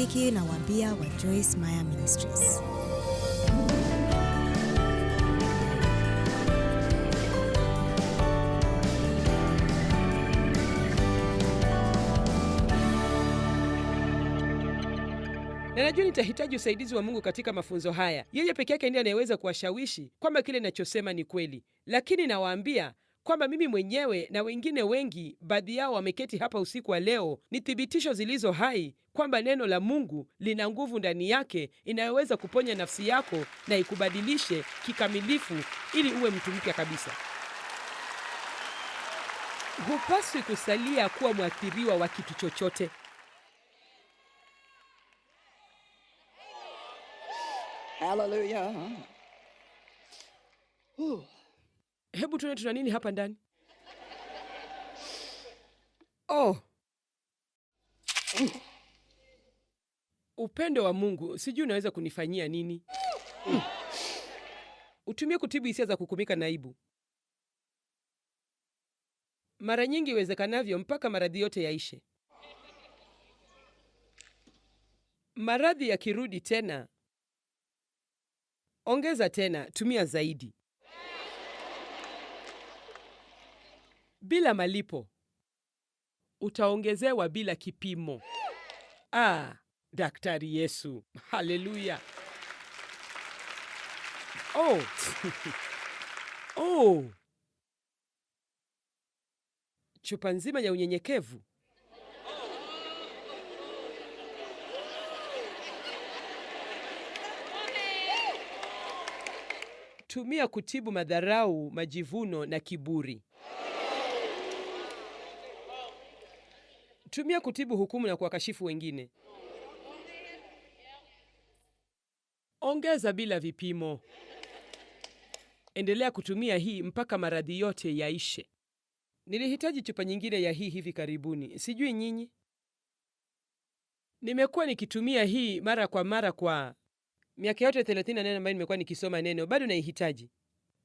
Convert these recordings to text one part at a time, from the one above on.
rafiki na waambia wa Joyce Meyer Ministries. Na najua nitahitaji usaidizi wa Mungu katika mafunzo haya. Yeye peke yake ndiye anayeweza kuwashawishi kwamba kile ninachosema ni kweli, lakini nawaambia kwamba mimi mwenyewe na wengine wengi, baadhi yao wameketi hapa usiku wa leo, ni thibitisho zilizo hai kwamba neno la Mungu lina nguvu ndani yake inayoweza kuponya nafsi yako na ikubadilishe kikamilifu ili uwe mtu mpya kabisa. Hupaswi kusalia kuwa mwathiriwa wa kitu chochote. Haleluya! Hebu tuone tuna nini hapa ndani. Oh. Upendo wa Mungu, sijui unaweza kunifanyia nini? Utumie kutibu hisia za kukumika na mara nyingi iwezekanavyo, mpaka maradhi yote yaishe. Maradhi yakirudi tena, ongeza tena, tumia zaidi. bila malipo. Utaongezewa bila kipimo. Ah, Daktari Yesu, haleluya! Oh. Oh. Chupa nzima ya unyenyekevu. Tumia kutibu madharau, majivuno na kiburi. tumia kutibu hukumu na kuwakashifu wengine. Ongeza bila vipimo. Endelea kutumia hii mpaka maradhi yote yaishe. Nilihitaji chupa nyingine ya hii hivi karibuni, sijui nyinyi. Nimekuwa nikitumia hii mara kwa mara kwa miaka yote 34 ambayo nimekuwa nikisoma neno, bado naihitaji.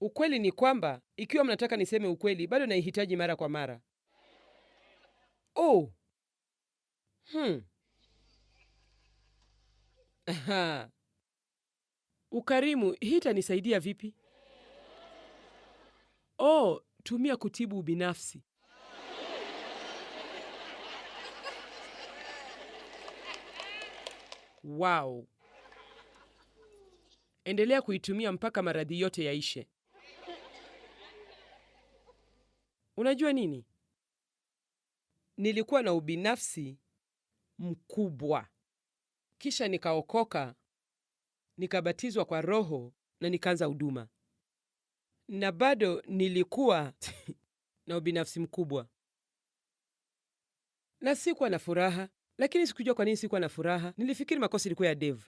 Ukweli ni kwamba ikiwa mnataka niseme ukweli, bado naihitaji mara kwa mara. Oh, Hmm. Ukarimu hii itanisaidia vipi? Oh, tumia kutibu ubinafsi. Wow. Endelea kuitumia mpaka maradhi yote yaishe. Unajua nini? Nilikuwa na ubinafsi mkubwa. Kisha nikaokoka, nikabatizwa kwa Roho na nikaanza huduma, na bado nilikuwa na ubinafsi mkubwa na sikuwa na furaha. Lakini sikujua kwa nini sikuwa na furaha. Nilifikiri makosa ilikuwa ya Dave.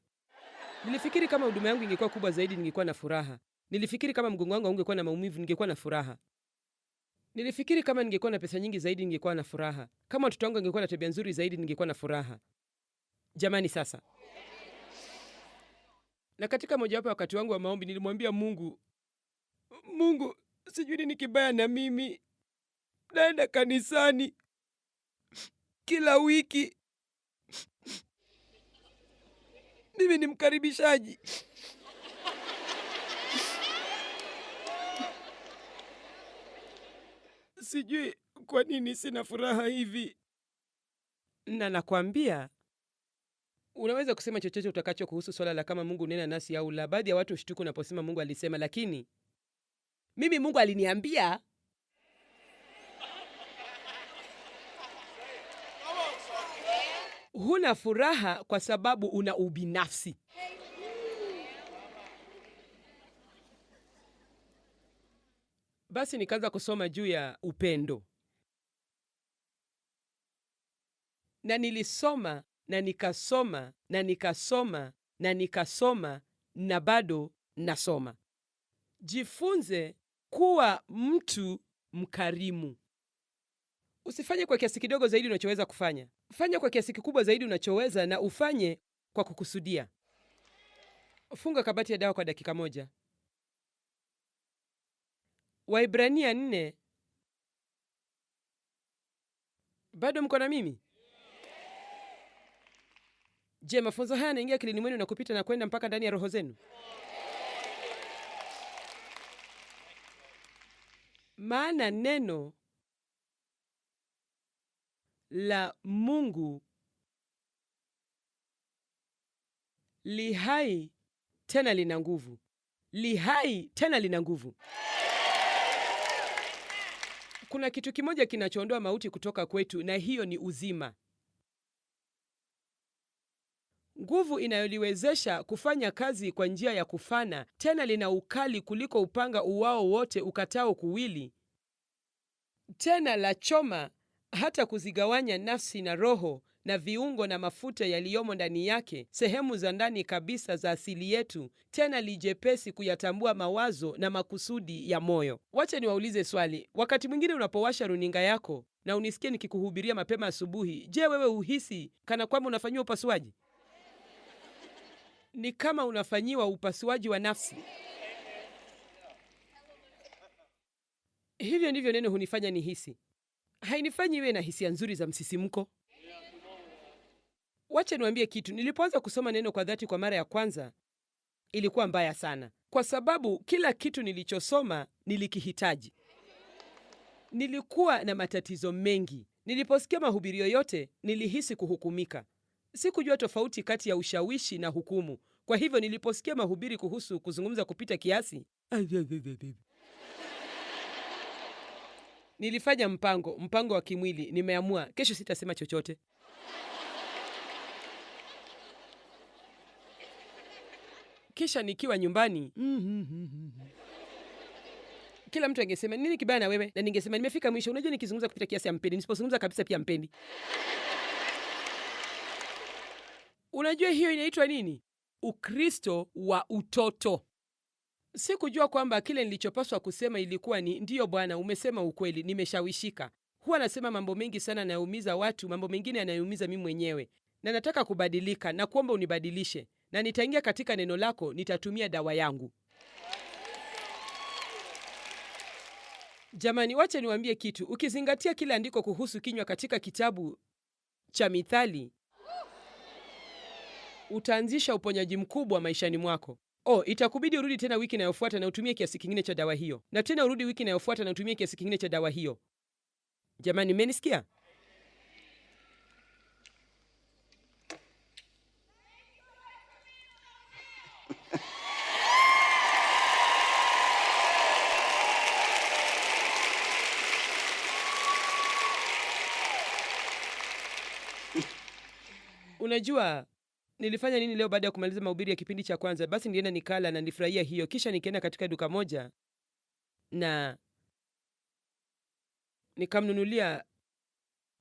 Nilifikiri kama huduma yangu ingekuwa kubwa zaidi, ningekuwa na furaha. Nilifikiri kama mgongo wangu haungekuwa na maumivu, ningekuwa na furaha. Nilifikiri kama ningekuwa na pesa nyingi zaidi ningekuwa na furaha. Kama watoto wangu angekuwa na tabia nzuri zaidi ningekuwa na furaha. Jamani sasa. Na katika mojawapo ya wakati wangu wa maombi nilimwambia Mungu, Mungu, sijui nini kibaya na mimi. Naenda kanisani kila wiki. Mimi ni mkaribishaji. Sijui kwa nini sina furaha hivi. Na nakwambia unaweza kusema chochote utakacho kuhusu swala la kama Mungu nena nasi au la. Baadhi ya watu hushtuka unaposema Mungu alisema, lakini mimi Mungu aliniambia. Huna furaha kwa sababu una ubinafsi. Basi nikaanza kusoma juu ya upendo, na nilisoma na nikasoma na nikasoma na nikasoma na bado nasoma. Jifunze kuwa mtu mkarimu. Usifanye kwa kiasi kidogo zaidi unachoweza kufanya. Fanya kwa kiasi kikubwa zaidi unachoweza, na ufanye kwa kukusudia. Funga kabati ya dawa kwa dakika moja. Waibrania nne. Bado mko na mimi? Je, mafunzo haya yanaingia akilini mwenu na kupita na kwenda mpaka ndani ya roho zenu? Maana neno la Mungu li hai tena lina nguvu, li hai tena lina nguvu kuna kitu kimoja kinachoondoa mauti kutoka kwetu, na hiyo ni uzima, nguvu inayoliwezesha kufanya kazi kwa njia ya kufana, tena lina ukali kuliko upanga uwao wote ukatao kuwili, tena la choma hata kuzigawanya nafsi na roho na viungo na mafuta yaliyomo ndani yake, sehemu za ndani kabisa za asili yetu, tena lijepesi kuyatambua mawazo na makusudi ya moyo. Wacha niwaulize swali. Wakati mwingine unapowasha runinga yako na unisikie nikikuhubiria mapema asubuhi, je, wewe uhisi kana kwamba unafanyiwa upasuaji? Ni kama unafanyiwa upasuaji wa nafsi. Hivyo ndivyo neno hunifanya nihisi. Hainifanyi iwe na hisia nzuri za msisimko, Wacha niwambie kitu, nilipoanza kusoma neno kwa dhati kwa mara ya kwanza ilikuwa mbaya sana, kwa sababu kila kitu nilichosoma nilikihitaji. Nilikuwa na matatizo mengi. Niliposikia mahubiri yoyote, nilihisi kuhukumika. Sikujua tofauti kati ya ushawishi na hukumu. Kwa hivyo niliposikia mahubiri kuhusu kuzungumza kupita kiasi, nilifanya mpango, mpango wa kimwili. Nimeamua kesho sitasema chochote. kisha nikiwa nyumbani mm-hmm. kila mtu angesema nini kibaya na wewe, na ningesema nimefika mwisho. Unajua, nikizungumza kupita kiasi ampendi, nisipozungumza kabisa pia mpendi Unajua, hiyo inaitwa nini? Ukristo wa utoto. Sikujua kwamba kile nilichopaswa kusema ilikuwa ni ndiyo, Bwana, umesema ukweli, nimeshawishika. Huwa anasema mambo mengi sana anayoumiza watu, mambo mengine yanayoumiza mimi mwenyewe, na nataka kubadilika na kuomba unibadilishe na nitaingia katika neno lako, nitatumia dawa yangu. Jamani, wacha niwaambie kitu. Ukizingatia kile andiko kuhusu kinywa katika kitabu cha Mithali, utaanzisha uponyaji mkubwa maishani mwako. Oh, itakubidi urudi tena wiki inayofuata na utumie kiasi kingine cha dawa hiyo, na tena urudi wiki inayofuata na utumie kiasi kingine cha dawa hiyo. Jamani, mmenisikia? Unajua nilifanya nini leo baada ya kumaliza mahubiri ya kipindi cha kwanza? Basi nilienda nikala na nilifurahia hiyo, kisha nikaenda katika duka moja na nikamnunulia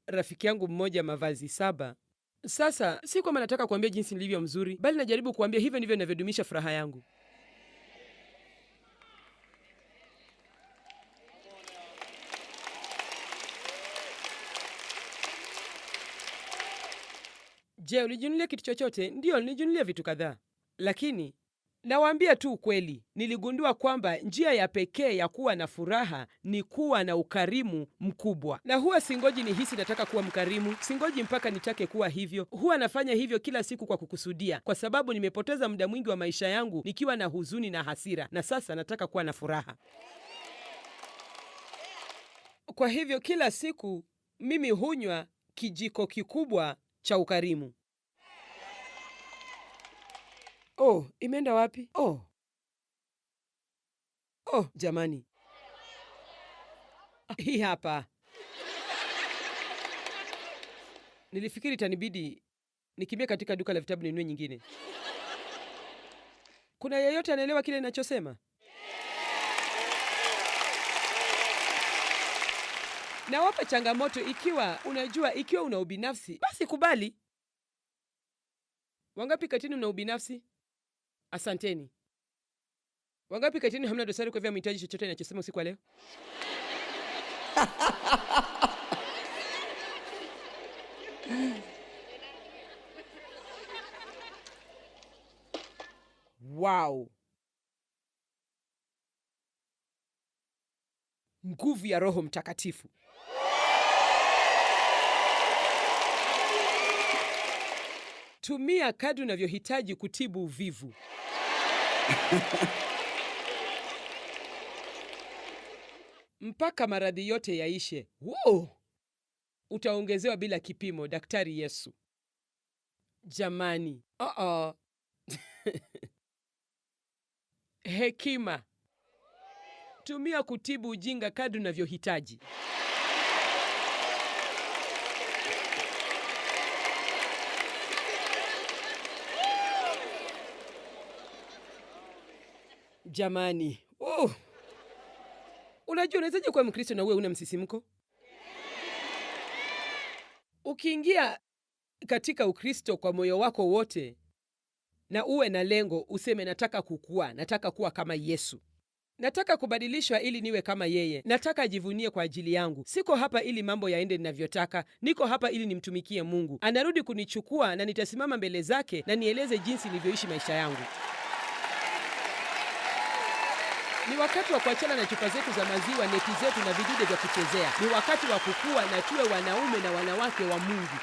rafiki yangu mmoja mavazi saba. Sasa si kwamba nataka kuambia jinsi nilivyo mzuri, bali najaribu kuambia hivyo ndivyo inavyodumisha furaha yangu. Je, ulijunulia kitu chochote? Ndiyo, nilijinunulia vitu kadhaa, lakini nawaambia tu ukweli, niligundua kwamba njia ya pekee ya kuwa na furaha ni kuwa na ukarimu mkubwa, na huwa singoji nihisi nataka kuwa mkarimu, singoji mpaka nitake kuwa hivyo. Huwa nafanya hivyo kila siku kwa kukusudia, kwa sababu nimepoteza muda mwingi wa maisha yangu nikiwa na huzuni na hasira, na sasa nataka kuwa na furaha. Kwa hivyo kila siku mimi hunywa kijiko kikubwa cha ukarimu. Oh, imeenda wapi? Oh, oh jamani, ah, hii hapa. Nilifikiri itanibidi nikimbie katika duka la vitabu ninunue nyingine. Kuna yeyote anaelewa kile ninachosema? Nawapa changamoto, ikiwa unajua, ikiwa una ubinafsi basi kubali. Wangapi katini na ubinafsi? Asanteni. Wangapi katini hamna dosari, kwa vya mhitaji chochote inachosema usiku wa leo? Wow, nguvu ya Roho Mtakatifu! tumia kadri unavyohitaji kutibu uvivu. mpaka maradhi yote yaishe. Wow! Utaongezewa bila kipimo, Daktari Yesu. Jamani, uh -oh. Hekima tumia kutibu ujinga kadri unavyohitaji. Jamani, oh. Unajua unawezaje kuwa Mkristo na uwe una msisimko? Ukiingia katika Ukristo kwa moyo wako wote na uwe na lengo, useme nataka kukua, nataka kuwa kama Yesu, nataka kubadilishwa ili niwe kama yeye, nataka ajivunie kwa ajili yangu. Siko hapa ili mambo yaende ninavyotaka, niko hapa ili nimtumikie Mungu. Anarudi kunichukua na nitasimama mbele zake na nieleze jinsi nilivyoishi maisha yangu. Ni wakati wa kuachana na chupa zetu za maziwa, neti zetu na vidude vya kuchezea. Ni wakati wa kukua na tuwe wanaume na wanawake wa Mungu.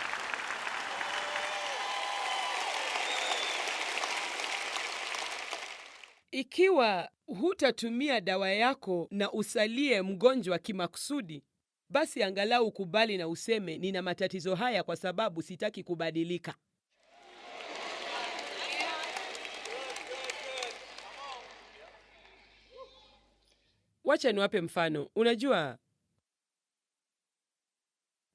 Ikiwa hutatumia dawa yako na usalie mgonjwa kimakusudi, basi angalau ukubali na useme, nina matatizo haya kwa sababu sitaki kubadilika. wacha niwape mfano. Unajua,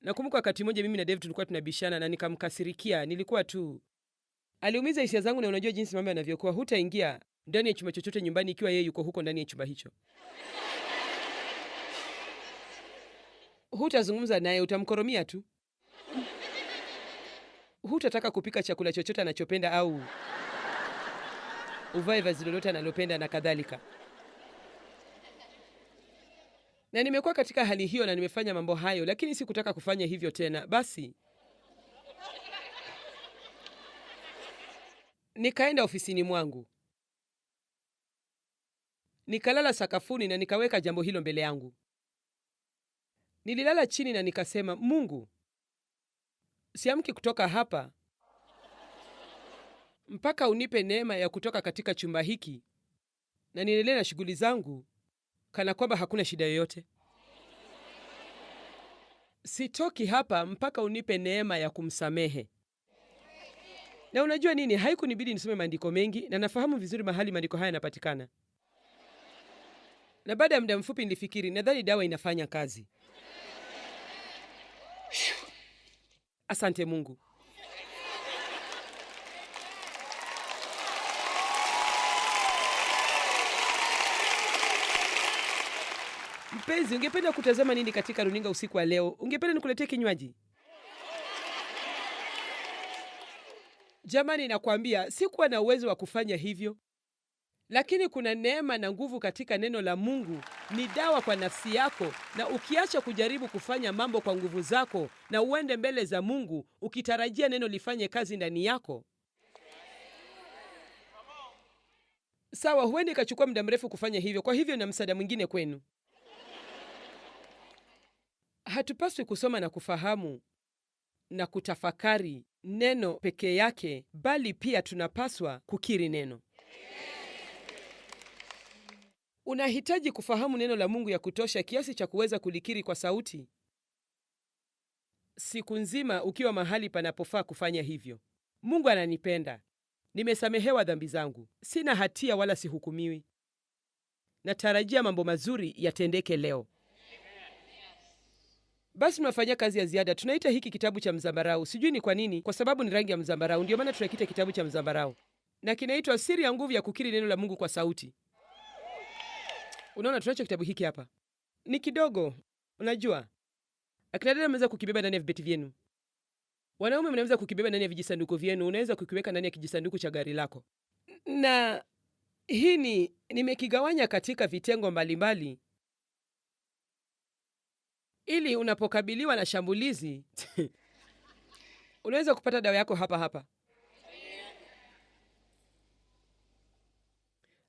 nakumbuka wakati mmoja mimi na david tulikuwa tunabishana na nikamkasirikia. Nilikuwa tu aliumiza hisia zangu, na unajua jinsi mambo yanavyokuwa. Hutaingia ndani ya chumba chochote nyumbani ikiwa yeye yuko huko ndani ya chumba hicho. Hutazungumza naye, utamkoromia tu. Hutataka kupika chakula chochote anachopenda au uvae vazi lolote analopenda na kadhalika na nimekuwa katika hali hiyo na nimefanya mambo hayo, lakini sikutaka kufanya hivyo tena. Basi nikaenda ofisini mwangu, nikalala sakafuni na nikaweka jambo hilo mbele yangu. Nililala chini na nikasema, Mungu, siamki kutoka hapa mpaka unipe neema ya kutoka katika chumba hiki na niendelee na shughuli zangu kana kwamba hakuna shida yoyote? Sitoki hapa mpaka unipe neema ya kumsamehe. Na unajua nini, haikunibidi nisome maandiko mengi, na nafahamu vizuri mahali maandiko haya yanapatikana. Na baada ya muda mfupi nilifikiri, nadhani dawa inafanya kazi. Asante Mungu. Mpenzi, ungependa kutazama nini katika runinga usiku wa leo? Ungependa nikuletee kinywaji? Jamani, nakwambia sikuwa na uwezo wa kufanya hivyo, lakini kuna neema na nguvu katika neno la Mungu. Ni dawa kwa nafsi yako, na ukiacha kujaribu kufanya mambo kwa nguvu zako na uende mbele za Mungu ukitarajia neno lifanye kazi ndani yako. Sawa, huendi ikachukua muda mrefu kufanya hivyo, kwa hivyo na msaada mwingine kwenu hatupaswi kusoma na kufahamu na kutafakari neno pekee yake, bali pia tunapaswa kukiri neno. Unahitaji kufahamu neno la Mungu ya kutosha kiasi cha kuweza kulikiri kwa sauti siku nzima ukiwa mahali panapofaa kufanya hivyo. Mungu ananipenda, nimesamehewa dhambi zangu, sina hatia wala sihukumiwi. Natarajia mambo mazuri yatendeke leo basi mnafanyia kazi ya ziada. Tunaita hiki kitabu cha mzambarau, sijui ni kwa nini, kwa sababu ni rangi ya mzambarau, ndio maana tunakiita kitabu cha mzambarau, na kinaitwa Siri ya Nguvu ya Kukiri Neno la Mungu kwa Sauti. Unaona, tunacho kitabu hiki hapa, ni kidogo. Unajua akina dada mnaweza kukibeba ndani ya vibeti vyenu, wanaume mnaweza kukibeba ndani ya vijisanduku vyenu, unaweza kukiweka ndani ya kijisanduku cha gari lako, na hii ni nimekigawanya katika vitengo mbalimbali mbali ili unapokabiliwa na shambulizi unaweza kupata dawa yako hapa hapa.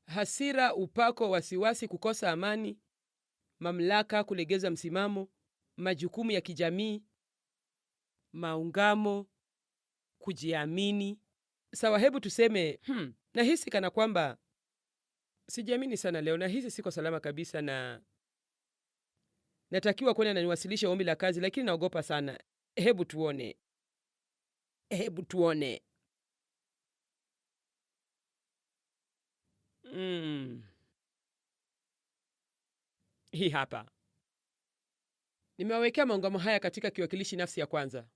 Hasira, upako, wasiwasi, kukosa amani, mamlaka, kulegeza msimamo, majukumu ya kijamii, maungamo, kujiamini. Sawa, hebu tuseme hmm, nahisi kana kwamba sijiamini sana leo, nahisi siko salama kabisa na natakiwa kwenda na niwasilishe ombi la kazi, lakini naogopa sana. Hebu tuone, hebu tuone. Mm. Hii hapa nimewawekea maungamo haya katika kiwakilishi nafsi ya kwanza.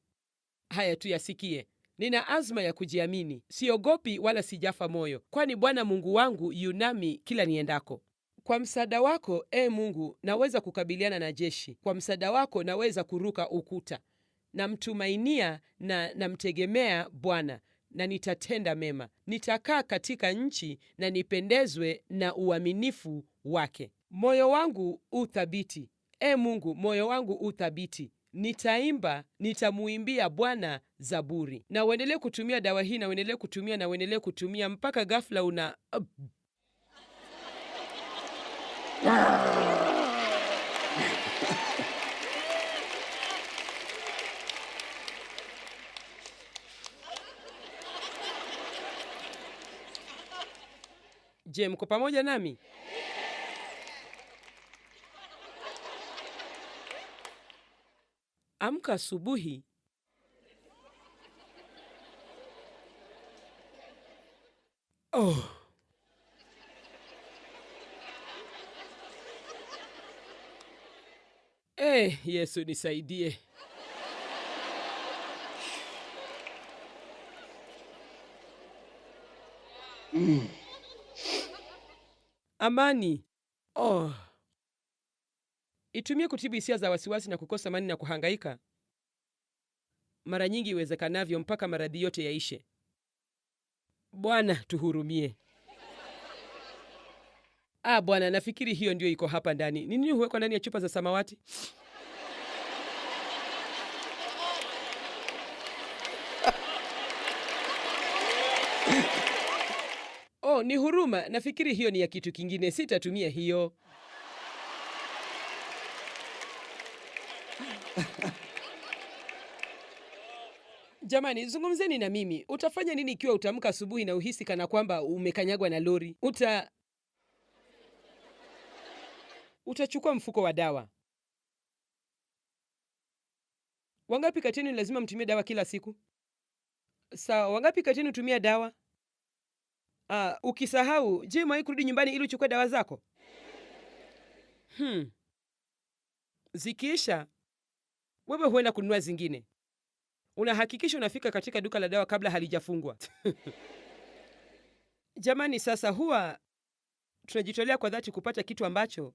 Haya tu yasikie: nina azma ya kujiamini, siogopi wala sijafa moyo, kwani Bwana Mungu wangu yunami kila niendako. Kwa msaada wako, e Mungu, naweza kukabiliana na jeshi. Kwa msaada wako naweza kuruka ukuta. Namtumainia na namtegemea Bwana na nitatenda mema. Nitakaa katika nchi na nipendezwe na uaminifu wake. Moyo wangu uthabiti, e Mungu, moyo wangu uthabiti. Nitaimba, nitamuimbia Bwana zaburi. Na uendelee kutumia dawa hii, na uendelee kutumia, na uendelee kutumia mpaka ghafla una Je, mko pamoja nami? Amka asubuhi oh. Eh, Yesu nisaidie. Mm. Amani. Oh. Itumie kutibu hisia za wasiwasi na kukosa amani na kuhangaika mara nyingi iwezekanavyo mpaka maradhi yote yaishe. Bwana tuhurumie. Ah, Bwana, nafikiri hiyo ndio iko hapa ndani. Ni nini huwekwa ndani ya chupa za samawati? Oh, ni huruma. Nafikiri hiyo ni ya kitu kingine, sitatumia hiyo. Jamani, zungumzeni na mimi. Utafanya nini ikiwa utamka asubuhi na uhisi kana kwamba umekanyagwa na lori? Uta utachukua mfuko wa dawa. Wangapi katini lazima mtumie dawa kila siku? Sawa, wangapi katini tumia dawa? Uh, ukisahau, je, umewahi kurudi nyumbani ili uchukue dawa zako? Hmm. Zikiisha wewe huenda kununua zingine. Unahakikisha unafika katika duka la dawa kabla halijafungwa. Jamani, sasa huwa tunajitolea kwa dhati kupata kitu ambacho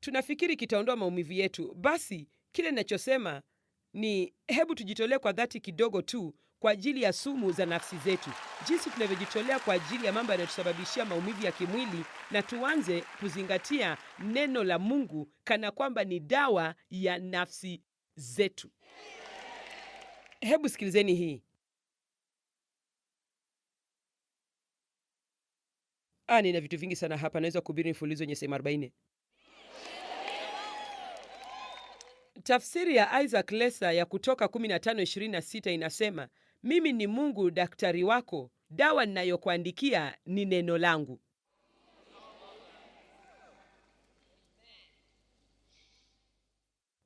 tunafikiri kitaondoa maumivu yetu. Basi kile ninachosema ni hebu tujitolee kwa dhati kidogo tu kwa ajili ya sumu za nafsi zetu, jinsi tunavyojitolea kwa ajili ya mambo yanayotusababishia maumivu ya kimwili, na tuanze kuzingatia neno la Mungu kana kwamba ni dawa ya nafsi zetu. Hebu sikilizeni hii. Ah, nina vitu vingi sana hapa, naweza kuhubiri mfululizo wenye sehemu 40. Tafsiri ya Isaac Lesa ya Kutoka 15:26 inasema mimi ni Mungu daktari wako, dawa ninayokuandikia ni neno langu.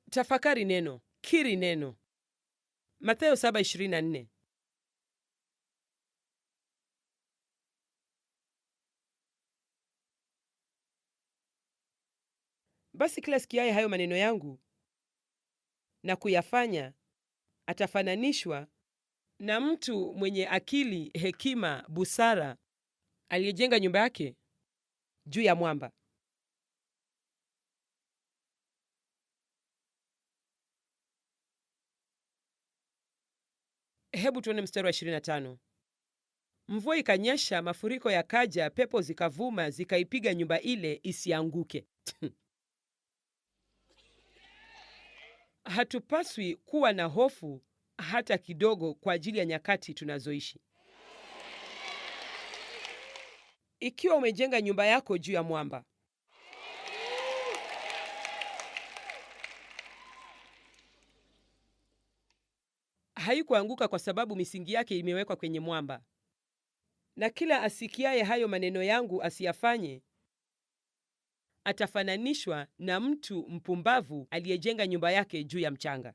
Tafakari neno, kiri neno. Mathayo 7:24. Basi kila sikiaye hayo maneno yangu na kuyafanya atafananishwa na mtu mwenye akili, hekima, busara aliyejenga nyumba yake juu ya mwamba. Hebu tuone mstari wa 25. Mvua ikanyesha, mafuriko yakaja, pepo zikavuma, zikaipiga nyumba ile isianguke. Hatupaswi kuwa na hofu hata kidogo kwa ajili ya nyakati tunazoishi. Ikiwa umejenga nyumba yako juu ya mwamba, haikuanguka kwa sababu misingi yake imewekwa kwenye mwamba. Na kila asikiaye hayo maneno yangu asiyafanye atafananishwa na mtu mpumbavu aliyejenga nyumba yake juu ya mchanga.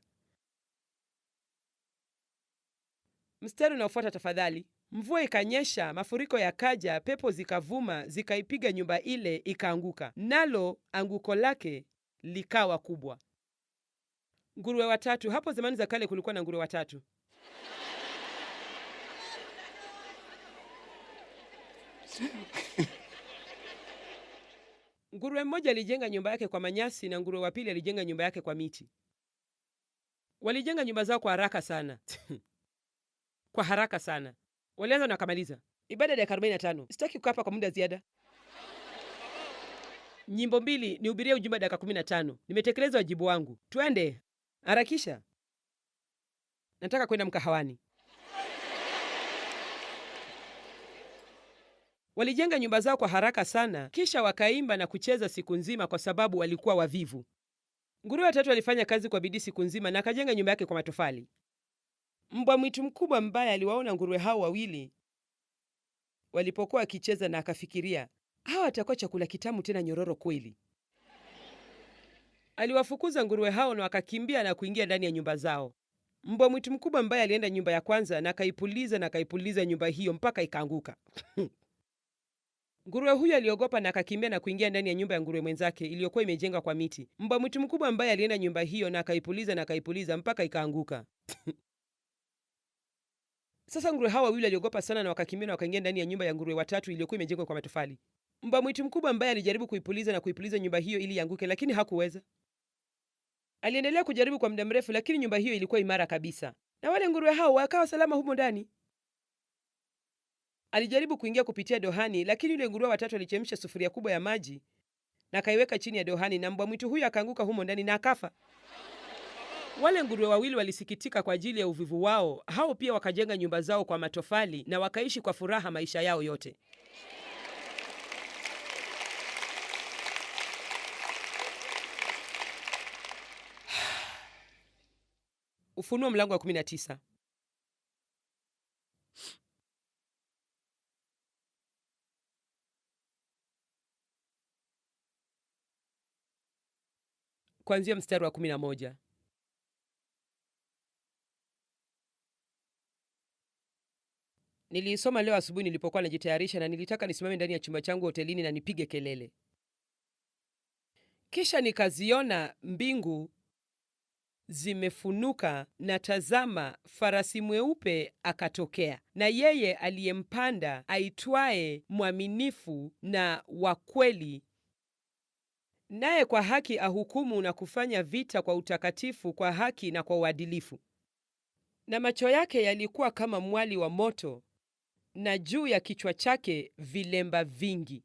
Mstari unaofuata tafadhali. Mvua ikanyesha, mafuriko yakaja, pepo zikavuma, zikaipiga nyumba ile, ikaanguka, nalo anguko lake likawa kubwa. Nguruwe watatu. Hapo zamani za kale kulikuwa na nguruwe watatu. Nguruwe mmoja alijenga nyumba yake kwa manyasi na nguruwe wa pili alijenga nyumba yake kwa miti. Walijenga nyumba zao kwa haraka sana. kwa haraka sana. Walianza na wakamaliza ibada ya dakika tano. Sitaki kukaa hapa kwa muda ziada. Nyimbo mbili ni nihubirie ujumbe dakika kumi na tano. Nimetekeleza wajibu wangu, twende harakisha. Nataka kwenda mkahawani. Walijenga nyumba zao kwa haraka sana, kisha wakaimba na kucheza siku nzima, kwa sababu walikuwa wavivu. Nguruwe watatu walifanya kazi kwa bidii siku nzima, na akajenga nyumba yake kwa matofali. Mbwa mwitu mkubwa mbaya aliwaona nguruwe hao wawili walipokuwa wakicheza na akafikiria, hawa watakuwa chakula kitamu tena nyororo kweli. Aliwafukuza nguruwe hao na wakakimbia na kuingia ndani ya nyumba zao. Mbwa mwitu mkubwa mbaya alienda nyumba ya kwanza na akaipuliza na akaipuliza nyumba hiyo mpaka ikaanguka. Nguruwe huyo aliogopa na akakimbia na kuingia ndani ya nyumba ya nguruwe mwenzake iliyokuwa imejengwa kwa miti. Mbwa mwitu mkubwa ambaye alienda nyumba hiyo na akaipuliza na akaipuliza mpaka ikaanguka. Sasa nguruwe hawa wawili waliogopa sana na wakakimbia na wakaingia ndani ya nyumba ya nguruwe watatu iliyokuwa imejengwa kwa matofali. Mbwa mwitu mkubwa ambaye alijaribu kuipuliza na kuipuliza nyumba hiyo ili ianguke, lakini hakuweza. Aliendelea kujaribu kwa muda mrefu, lakini nyumba hiyo ilikuwa imara kabisa, na wale nguruwe hao wakawa salama humo ndani. Alijaribu kuingia kupitia dohani, lakini yule nguruwe watatu alichemsha sufuria kubwa ya maji na akaiweka chini ya dohani, na mbwa mwitu huyo akaanguka humo ndani na akafa. Wale nguruwe wawili walisikitika kwa ajili ya uvivu wao. Hao pia wakajenga nyumba zao kwa matofali na wakaishi kwa furaha maisha yao yote. Ufunuo mlango wa 19. Kuanzia mstari wa 11. Niliisoma leo asubuhi nilipokuwa najitayarisha na nilitaka nisimame ndani ya chumba changu hotelini na nipige kelele. Kisha nikaziona mbingu zimefunuka na tazama, farasi mweupe akatokea, na yeye aliyempanda aitwaye Mwaminifu na wa Kweli, naye kwa haki ahukumu na kufanya vita kwa utakatifu, kwa haki na kwa uadilifu. Na macho yake yalikuwa kama mwali wa moto, na juu ya kichwa chake vilemba vingi.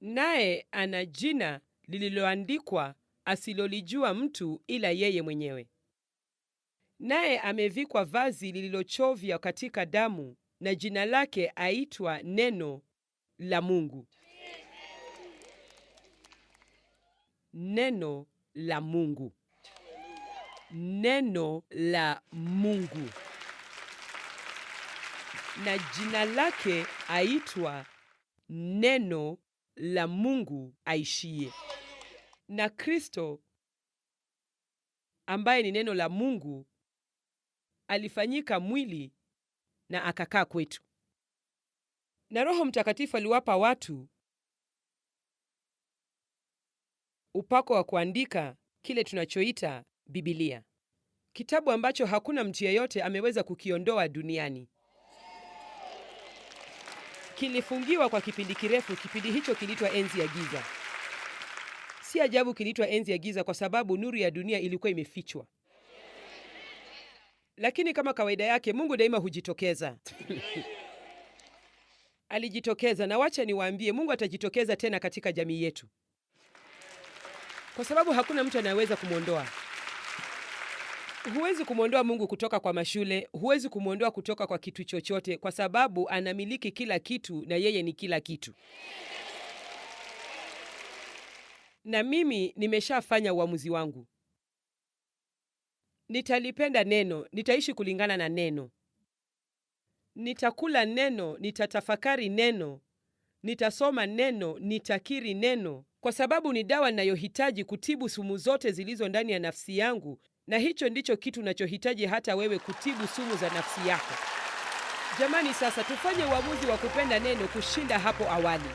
Naye ana jina lililoandikwa asilolijua mtu ila yeye mwenyewe. Naye amevikwa vazi lililochovya katika damu, na jina lake aitwa Neno la Mungu. Neno la Mungu. Neno la Mungu na jina lake aitwa Neno la Mungu aishie Na Kristo ambaye ni neno la Mungu alifanyika mwili na akakaa kwetu, na Roho Mtakatifu aliwapa watu upako wa kuandika kile tunachoita Biblia, kitabu ambacho hakuna mtu yeyote ameweza kukiondoa duniani kilifungiwa kwa kipindi kirefu. Kipindi hicho kiliitwa enzi ya giza. Si ajabu kiliitwa enzi ya giza, kwa sababu nuru ya dunia ilikuwa imefichwa. Lakini kama kawaida yake, Mungu daima hujitokeza alijitokeza, na wacha niwaambie, Mungu atajitokeza tena katika jamii yetu, kwa sababu hakuna mtu anayeweza kumwondoa. Huwezi kumwondoa Mungu kutoka kwa mashule, huwezi kumwondoa kutoka kwa kitu chochote, kwa sababu anamiliki kila kitu na yeye ni kila kitu. Na mimi nimeshafanya uamuzi wangu. Nitalipenda neno, nitaishi kulingana na neno. Nitakula neno, nitatafakari neno, nitasoma neno, nitakiri neno, kwa sababu ni dawa ninayohitaji kutibu sumu zote zilizo ndani ya nafsi yangu na hicho ndicho kitu unachohitaji hata wewe kutibu sumu za nafsi yako. Jamani, sasa tufanye uamuzi wa kupenda neno kushinda hapo awali.